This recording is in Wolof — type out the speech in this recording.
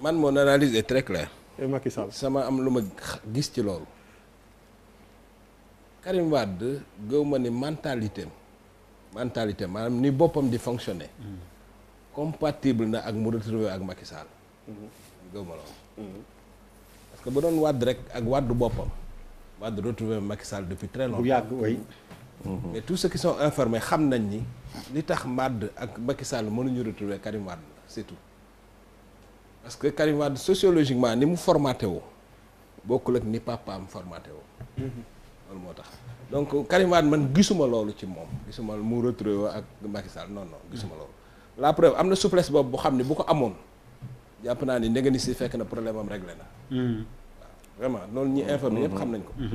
man mon analyse est très claire. et Macky Sall sama am ma gis ci loolu. Karim Wade gouverne ni mentalité mentalité maanaam ni boppam di fonctionner. Mm-hmm. compatible na ak mu retrouver ak Macky Sall. Mm-hmm. gëw mm-hmm. parce que ba doon Wade rek ak Wade boppam. Wade retrouver Macky Sall depuis très longtemps. Oui, oui. mais tous ceux qui sont informés xam nañ ni li tax Wade ak Macky Sall mënuñu retrouver Karim Wade c'est tout. parce que Karim Wade sociologiquement ni mu formaté woo bokkul ak ni papaam formaté woo loolu moo tax donc Karim Wade man gisuma loolu ci moom gisuma mu retrouvé woo ak Macky Sall non non gisuma loolu la preuve am na souplesse boobu bu xam ne bu ko amoon jàpp naa ni ndege ni si fekk na problème am réglé na hmm. waaw vraiment loolu ñi informé ñëpp xam nañ ko hmm.